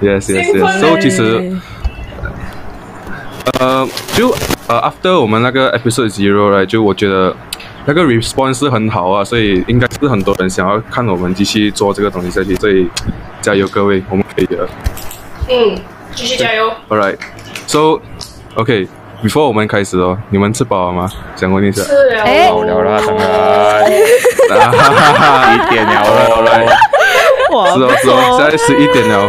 Yes, yes, yes. So 其實，呃，就，呃，after 我們那個 episode zero 咧，就我覺得，那個 response 是很好啊，所以應該是很多人想要看我們繼續做這個東西下去，所以，加油各位，我們可以嘅。嗯，繼續加油。Alright, so, OK, before 我們開始哦，你們吃飽了嗎？蔣冠毅姐。吃飽了啦，等下，一點了咯，好啦。是哦，是哦，現在一點了。